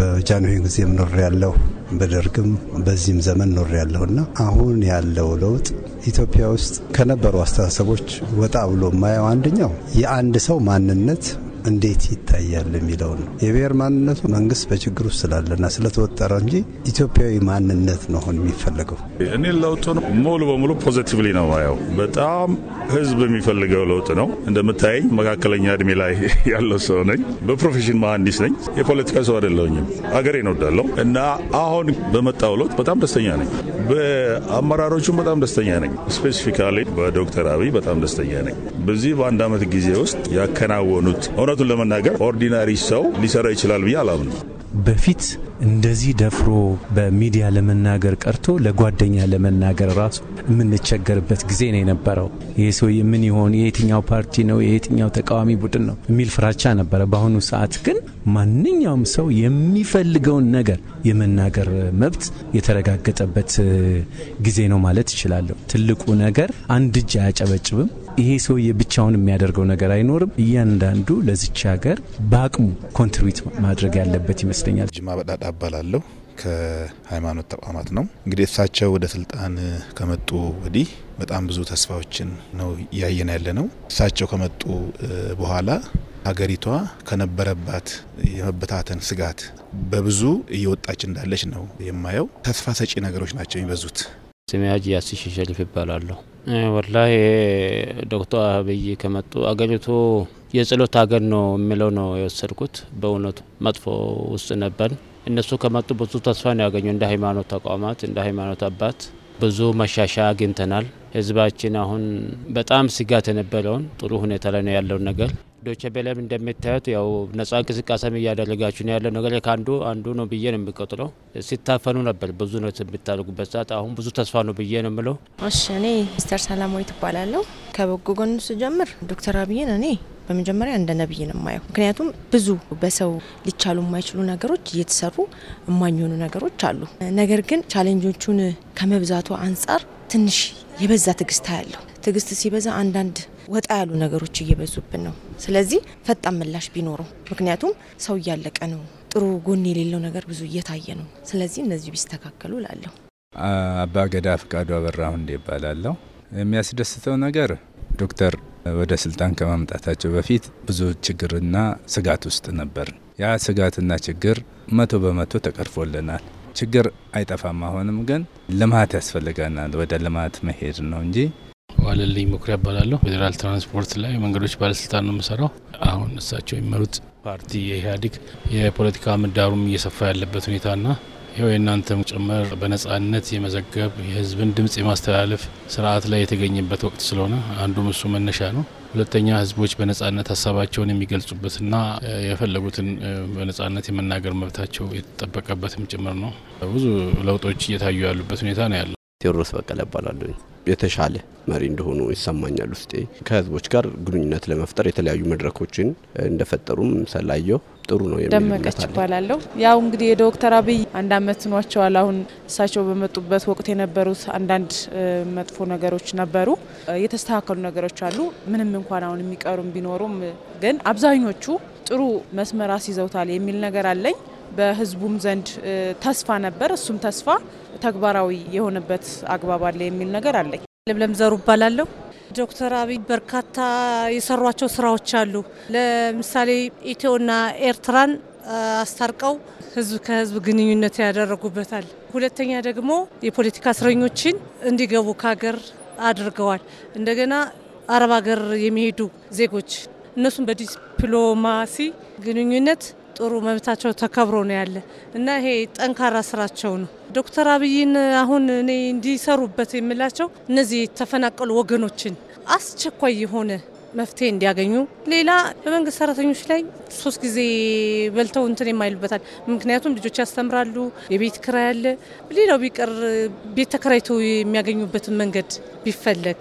በጃንሆይን ጊዜም ኖር ያለሁ በደርግም በዚህም ዘመን ኖር እና አሁን ያለው ለውጥ ኢትዮጵያ ውስጥ ከነበሩ አስተሳሰቦች ወጣ ብሎ ማየው አንደኛው የአንድ ሰው ማንነት እንዴት ይታያል የሚለው ነው። የብሔር ማንነቱ መንግስት በችግር ውስጥ ስላለና ስለተወጠረ እንጂ ኢትዮጵያዊ ማንነት ነው አሁን የሚፈለገው። እኔ ለውጡን ሙሉ በሙሉ ፖዘቲቭሊ ነው ማየው። በጣም ህዝብ የሚፈልገው ለውጥ ነው። እንደምታየኝ መካከለኛ እድሜ ላይ ያለው ሰው ነኝ። በፕሮፌሽን መሀንዲስ ነኝ። የፖለቲካ ሰው አይደለሁኝም። ነው ወዳለው እና አሁን በመጣው ለውጥ በጣም ደስተኛ ነኝ። በአመራሮቹም በጣም ደስተኛ ነኝ። ስፔሲፊካሊ በዶክተር አብይ በጣም ደስተኛ ነኝ። በዚህ በአንድ ዓመት ጊዜ ውስጥ ያከናወኑት እውነቱን ለመናገር ኦርዲናሪ ሰው ሊሰራ ይችላል ብዬ አላምንም። በፊት እንደዚህ ደፍሮ በሚዲያ ለመናገር ቀርቶ ለጓደኛ ለመናገር ራሱ የምንቸገርበት ጊዜ ነው የነበረው። ይህ ሰው ምን ይሆን፣ የየትኛው ፓርቲ ነው፣ የየትኛው ተቃዋሚ ቡድን ነው የሚል ፍራቻ ነበረ። በአሁኑ ሰዓት ግን ማንኛውም ሰው የሚፈልገውን ነገር የመናገር መብት የተረጋገጠበት ጊዜ ነው ማለት እችላለሁ። ትልቁ ነገር አንድ እጅ አያጨበጭብም፣ ይሄ ሰውዬ ብቻውን የሚያደርገው ነገር አይኖርም። እያንዳንዱ ለዚች ሀገር በአቅሙ ኮንትሪቢዩት ማድረግ ያለበት ይመስለኛል። ጅማ በዳዳ እባላለሁ። ከሃይማኖት ተቋማት ነው። እንግዲህ እሳቸው ወደ ስልጣን ከመጡ ወዲህ በጣም ብዙ ተስፋዎችን ነው እያየን ያለ ነው። እሳቸው ከመጡ በኋላ ሀገሪቷ ከነበረባት የመበታተን ስጋት በብዙ እየወጣች እንዳለች ነው የማየው። ተስፋ ሰጪ ነገሮች ናቸው የሚበዙት። ስሜ ሀጂ ይባላለሁ። ወላሂ ዶክተር አብይ ከመጡ አገሪቱ የጸሎት ሀገር ነው የሚለው ነው የወሰድኩት። በእውነቱ መጥፎ ውስጥ ነበር። እነሱ ከመጡ ብዙ ተስፋ ነው ያገኙ እንደ ሃይማኖት ተቋማት እንደ ሃይማኖት አባት ብዙ መሻሻ አግኝተናል። ህዝባችን አሁን በጣም ስጋት የነበረውን ጥሩ ሁኔታ ላይ ነው ያለውን ነገር ዶቼ ቬለም እንደምታዩት ያው ነጻ እንቅስቃሴም እያደረጋችሁ ነው ያለው ነገር ከአንዱ አንዱ ነው ብዬ ነው የሚቀጥለው። ሲታፈኑ ነበር ብዙ ነው የምታደርጉበት ሰዓት አሁን ብዙ ተስፋ ነው ብዬ ነው የምለው። እሺ እኔ ሚስተር ሰላማዊ ትባላለሁ። ከበጎ ጎን ስጀምር ዶክተር አብይን እኔ በመጀመሪያ እንደ ነብይ ነው የማየው። ምክንያቱም ብዙ በሰው ሊቻሉ የማይችሉ ነገሮች እየተሰሩ የማይሆኑ ነገሮች አሉ። ነገር ግን ቻሌንጆቹን ከመብዛቱ አንጻር ትንሽ የበዛ ትዕግስት ያለው ትዕግስት ሲበዛ አንዳንድ ወጣ ያሉ ነገሮች እየበዙብን ነው። ስለዚህ ፈጣን ምላሽ ቢኖሩ፣ ምክንያቱም ሰው እያለቀ ነው። ጥሩ ጎን የሌለው ነገር ብዙ እየታየ ነው። ስለዚህ እነዚህ ቢስተካከሉ እላለሁ። አባ ገዳ ፍቃዱ አበራሁንዴ ይባላለሁ። የሚያስደስተው ነገር ዶክተር ወደ ስልጣን ከማምጣታቸው በፊት ብዙ ችግርና ስጋት ውስጥ ነበር። ያ ስጋትና ችግር መቶ በመቶ ተቀርፎልናል። ችግር አይጠፋም። አሁንም ግን ልማት ያስፈልገናል። ወደ ልማት መሄድ ነው እንጂ ዋለልኝ መኩሪያ እባላለሁ። ፌዴራል ትራንስፖርት ላይ መንገዶች ባለስልጣን ነው የምሰራው። አሁን እሳቸው የሚመሩት ፓርቲ የኢህአዴግ የፖለቲካ ምህዳሩም እየሰፋ ያለበት ሁኔታና ይኸው የእናንተም ጭምር በነጻነት የመዘገብ የህዝብን ድምፅ የማስተላለፍ ስርዓት ላይ የተገኘበት ወቅት ስለሆነ አንዱም እሱ መነሻ ነው። ሁለተኛ ህዝቦች በነጻነት ሀሳባቸውን የሚገልጹበትና የፈለጉትን በነጻነት የመናገር መብታቸው የተጠበቀበትም ጭምር ነው። ብዙ ለውጦች እየታዩ ያሉበት ሁኔታ ነው ያለው። ቴዎድሮስ በቀለ እባላለሁ። የተሻለ መሪ እንደሆኑ ይሰማኛል ውስጤ። ከህዝቦች ጋር ግንኙነት ለመፍጠር የተለያዩ መድረኮችን እንደፈጠሩም ሰላየው ጥሩ ነው። ደመቀች እባላለሁ። ያው እንግዲህ የዶክተር አብይ አንድ አመት ኗቸዋል። አሁን እሳቸው በመጡበት ወቅት የነበሩት አንዳንድ መጥፎ ነገሮች ነበሩ። የተስተካከሉ ነገሮች አሉ። ምንም እንኳን አሁን የሚቀሩም ቢኖሩም ግን አብዛኞቹ ጥሩ መስመር አስይዘውታል የሚል ነገር አለኝ። በህዝቡም ዘንድ ተስፋ ነበር። እሱም ተስፋ ተግባራዊ የሆነበት አግባብ አለ የሚል ነገር አለኝ። ለምለም ዘሩ እባላለሁ። ዶክተር አብይ በርካታ የሰሯቸው ስራዎች አሉ። ለምሳሌ ኢትዮና ኤርትራን አስታርቀው ህዝብ ከህዝብ ግንኙነት ያደረጉበታል። ሁለተኛ ደግሞ የፖለቲካ እስረኞችን እንዲገቡ ከሀገር አድርገዋል። እንደገና አረብ ሀገር የሚሄዱ ዜጎች እነሱም በዲፕሎማሲ ግንኙነት ጥሩ መብታቸው ተከብሮ ነው ያለ እና ይሄ ጠንካራ ስራቸው ነው። ዶክተር አብይን አሁን እኔ እንዲሰሩበት የምላቸው እነዚህ የተፈናቀሉ ወገኖችን አስቸኳይ የሆነ መፍትሄ እንዲያገኙ። ሌላ በመንግስት ሰራተኞች ላይ ሶስት ጊዜ በልተው እንትን የማይሉበታል። ምክንያቱም ልጆች ያስተምራሉ፣ የቤት ኪራይ አለ። ሌላው ቢቀር ቤት ተከራይተው የሚያገኙበትን መንገድ ቢፈለግ